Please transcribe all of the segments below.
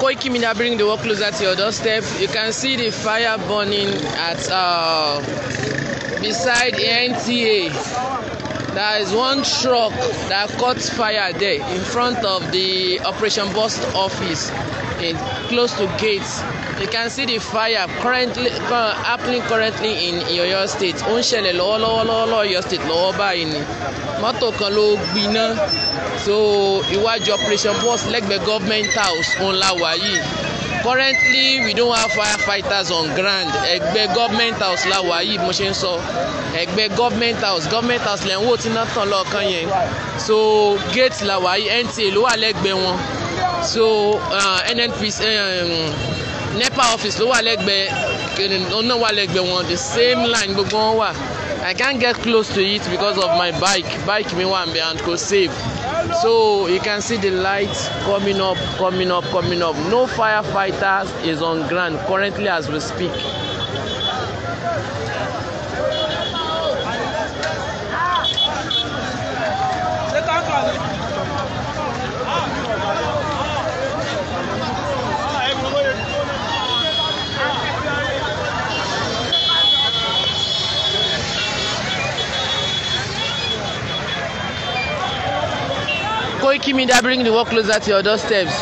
Koiki Media bring the work closer to your doorstep. You can see the fire burning at uh, beside NTA. There is one truck that caught fire there in front of the operation bus office in close to gates. You can see the fire currently uh, happening currently in Oyo State. Ó ń ṣẹlẹ̀ lọ́wọ́lọ́wọ́ Oyo State lọ́wọ́ báyìí ni. Mọ́tò kan ló gbiná. So iwájú operation bus lẹ́gbẹ̀ẹ́ government house òun la wà currently we don't have firefighters on ground ẹ̀gbẹ́ government house la wà yìí mo ṣe ń sọ ẹ̀gbẹ́ government house government house lẹ́ ń wò tí náà tàn lọ́ọ̀kan yẹn so gate la wà yìí NTA ló wà lẹ́gbẹ̀ẹ́ wọn so uh, NNPC um, NEPA office ló wà lẹ́gbẹ̀ẹ́ ọ̀nà wà lẹ́gbẹ̀ẹ́ wọn the same line gbogbo wọn wà I can't get close to it because of my bike bike mi wà ń bẹ and kò save. so you can see the lights coming up coming up coming up no firefighters is on ground currently as we speak Koiki Media bring the work closer to your doorsteps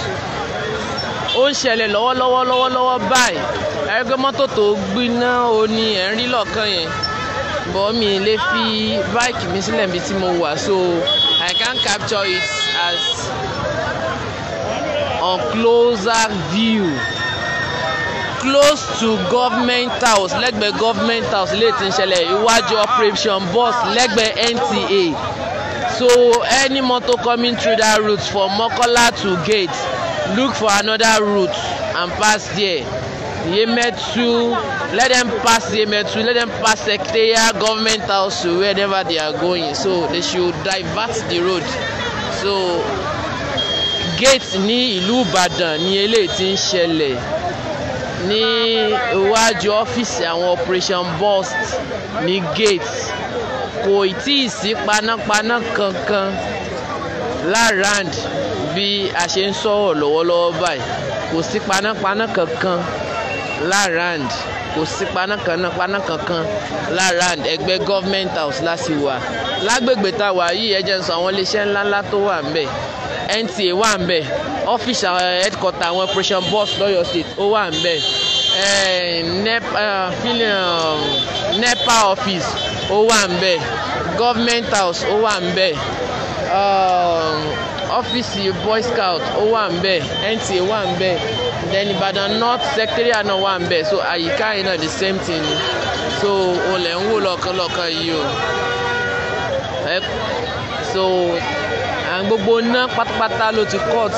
ó ń ṣẹlẹ̀ lọ́wọ́lọ́wọ́ lọ́wọ́lọ́wọ́ báyìí ẹgbẹ́ mọ́tò tó gbiná o ní ẹ̀ ń rí lọ́ọ̀kan yẹn bọ́ mi lè fi báìkì mi sílẹ̀ bí tí mo wà so I can capture it as a closer view close to government house lẹ́gbẹ̀ẹ́ government house ilé tí ń ṣẹlẹ̀ iwájú operation bus lẹ́gbẹ̀ẹ́ NTA so any motor coming through that route from Mokola to gate look for another route and pass there Yemetu let them pass Yemetu let them pass Secretariat government house to wherever they are going so they should divert the road so gate ni ilu Ìbàdàn ni eléyìí ti ń ṣẹlẹ̀ ní iwájú ọ́fíìsì àwọn operation burst ní gate kò tí ì sí panápaná kankan lárand bí a ṣe ń sọ̀rọ̀ lọ́wọ́lọ́wọ́ báyìí kò sí panápaná kankan lárand kò sí panápaná kankan lárand ẹgbẹ́ government house láti wà lágbègbè tá a wà yìí ẹ jẹ́ n sọ àwọn iléeṣẹ́ ńláńlá tó wà ń bẹ̀ NTA wà ń bẹ̀ ọ́fíìsì uh, headquarter àwọn operation boss lọ́yọ̀ state ó wà níbẹ̀ eh, uh, um, nepa office ó wà níbẹ̀ government house ó wà níbẹ̀ ọ́fíìsì um, boy scout ó wà níbẹ̀ nta wà níbẹ̀ then Ìbàdàn north secretariat náà wà níbẹ̀ so àyíká yìí náà the same thing so olè ń wò lọ́kànlọ́kàn yìí o so gbogbo ná pátápátá ló ti cut.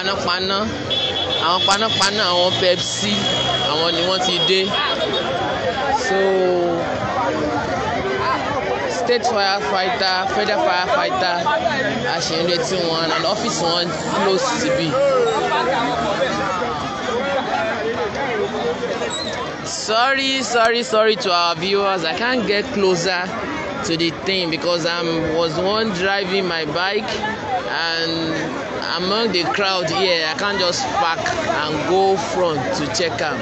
panápaná àwọn panápaná àwọn Pepsi àwọn ni wọ́n ti dé so state firefighter federal firefighter àṣeyọrẹtì wọn and office wọn close to síbí. sorry sorry sorry to our viewers i can't get closer to the thing because i was one driving my bike and among the crowd here i can just park and go front to check am.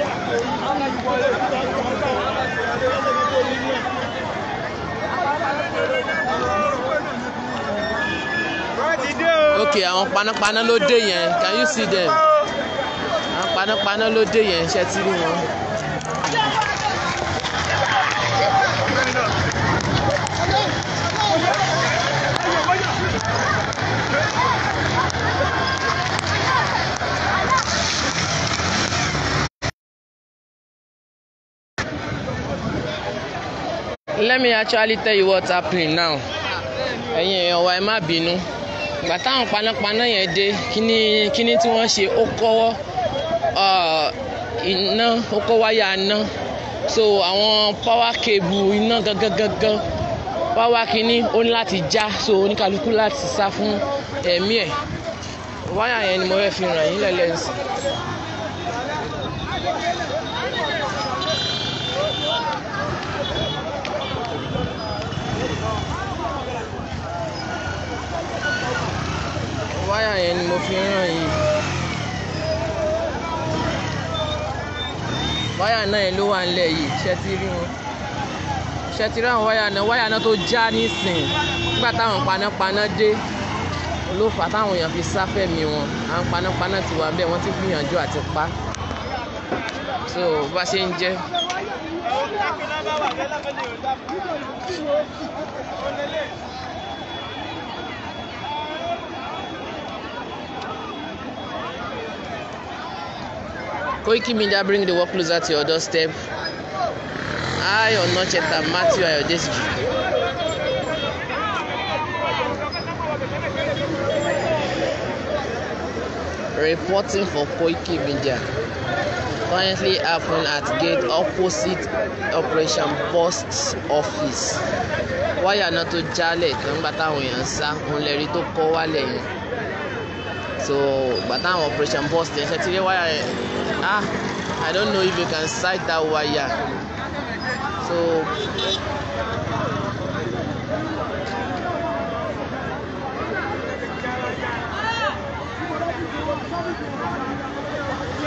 okay àwọn panápaná ló dé yẹn can you see them àwọn panápaná ló dé yẹn ṣe ti rí wọn. let me actually tell you what's happening now ẹ̀yin èèyàn wa ẹ má bínú ìgbà táwọn panápaná yẹn dé kíní kíní tí wọ́n ṣe ó kọ́wọ́ iná ó kọ́ wáyà iná so àwọn power cable iná gangan gangan power kíní ó ní láti já so oníkálukú láti sá fún ẹ̀mí ẹ̀ wáyà yẹn ni mo fẹ́ fi ràn yín lẹ́lẹ́sìn. wáyà yẹn ni mo fi ń ràn yìí wáyà náà yẹn ló wà nílẹ̀ yìí ṣe ti rí wọn ṣe ti rí àwọn wáyà náà wáyà náà tó já nísìn nígbà táwọn panápaná dé olófà táwọn èèyàn fi sáfẹ́ mi wọn àwọn panápaná ti wà bẹ́ẹ̀ wọ́n ti gbìyànjú àti pa so bá ṣe ń jẹ́. Thank you. Koiki Media bring the work closer to your doorstep. I, Onocheta Matthew Ayodesiji. reporting for Koiki Media. Currently happening at gate opposite Operation Post Office. Wáyà náà tó jálẹ̀ tó ń gbà táwọn èèyàn sá òun lè rí tó kọ́ wálẹ̀ yẹn. So gbà táwọn Operation Post yẹn ṣe ti rí wáyà yẹn ah i don't know if you can sight that wire so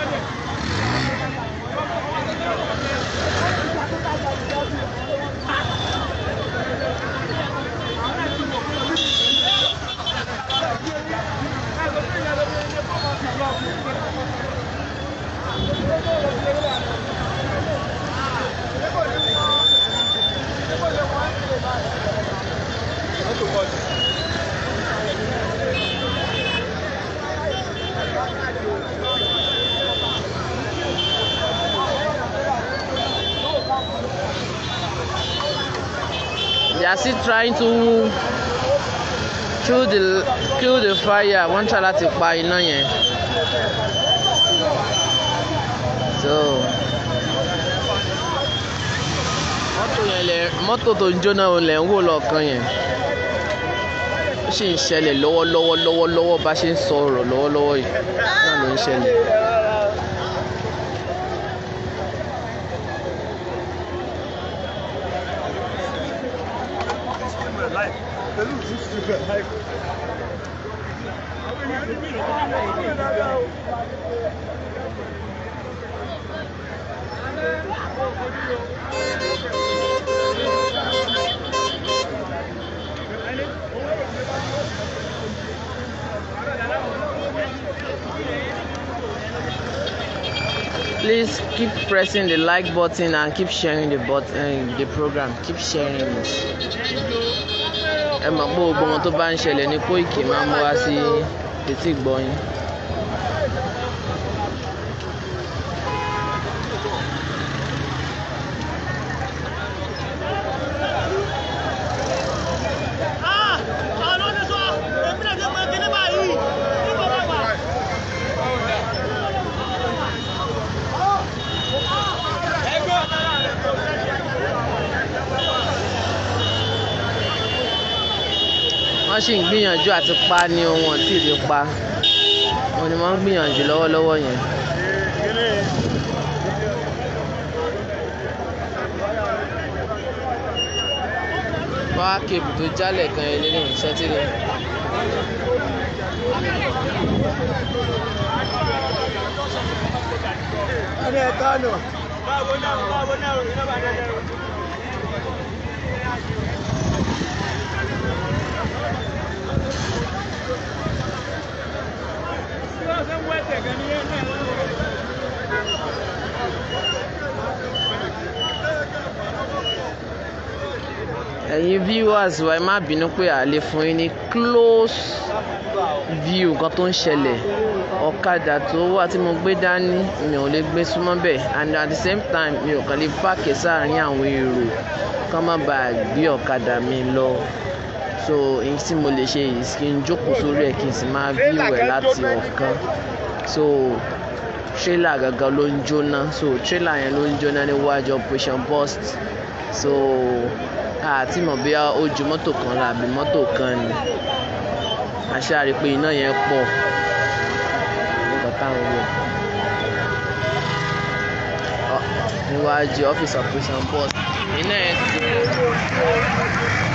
Thank you. still trying to kill the kill the fire wọ́n try láti pa iná yẹn so mọ́tò yẹn lẹ mọ́tò tó ń jóná lẹ̀ ń wò lọ́ọ̀kan yẹn ó sì ń ṣẹlẹ̀ lọ́wọ́lọ́wọ́ lọ́wọ́lọ́wọ́ bá ṣe ń sọ ọ̀rọ̀ lọ́wọ́lọ́wọ́ yìí náà ló ń ṣẹlẹ̀. please keep pressing the like button and keep sharing the button the program keep sharing it ẹ mọ̀ pé gbogbo ohun tó bá ń ṣẹlẹ̀ ní Kóìkì máa ń wá sí etí ìgbọ́ ṣì ń gbìyànjú àti pa ni ohun ọ̀tí ìlú pa wọn ni wọ́n ń gbìyànjú lọ́wọ́lọ́wọ́ yẹn. wá kébù tó jálẹ̀ kan yẹn lélẹ̀ iṣẹ́ tí lè. báwo náà báwo náà iná bá dẹ́rẹ́ o. viewers wa ẹ má bínú pé a lè fún yín ní close view nǹkan tó ń ṣẹlẹ̀ ọ̀kadà tó wà tí mo gbé dání mi ò lè gbé súnmọ́ bẹ́ẹ̀ and at the same time mi ò kàn lè páàkì sáàárín àwọn èrò ká má bàa gbé ọ̀kadà mi lọ so èyí tí mo lè ṣe yìí kí n jókòó sórí ẹ̀ kí n sì máa view ẹ̀ láti ọ̀kan so trailer gangan ló ń jóná so trailer yẹn ló ń jóná níwájú operation burst so àti mọ̀ bí ó ju mọ́tò kan lọ àbí mọ́tò kan ni a ṣáà rí i pé iná yẹn pọ̀ nǹkan táwọn wọ̀ níwájú ọ́fíìsì operation boss iná yẹn ti.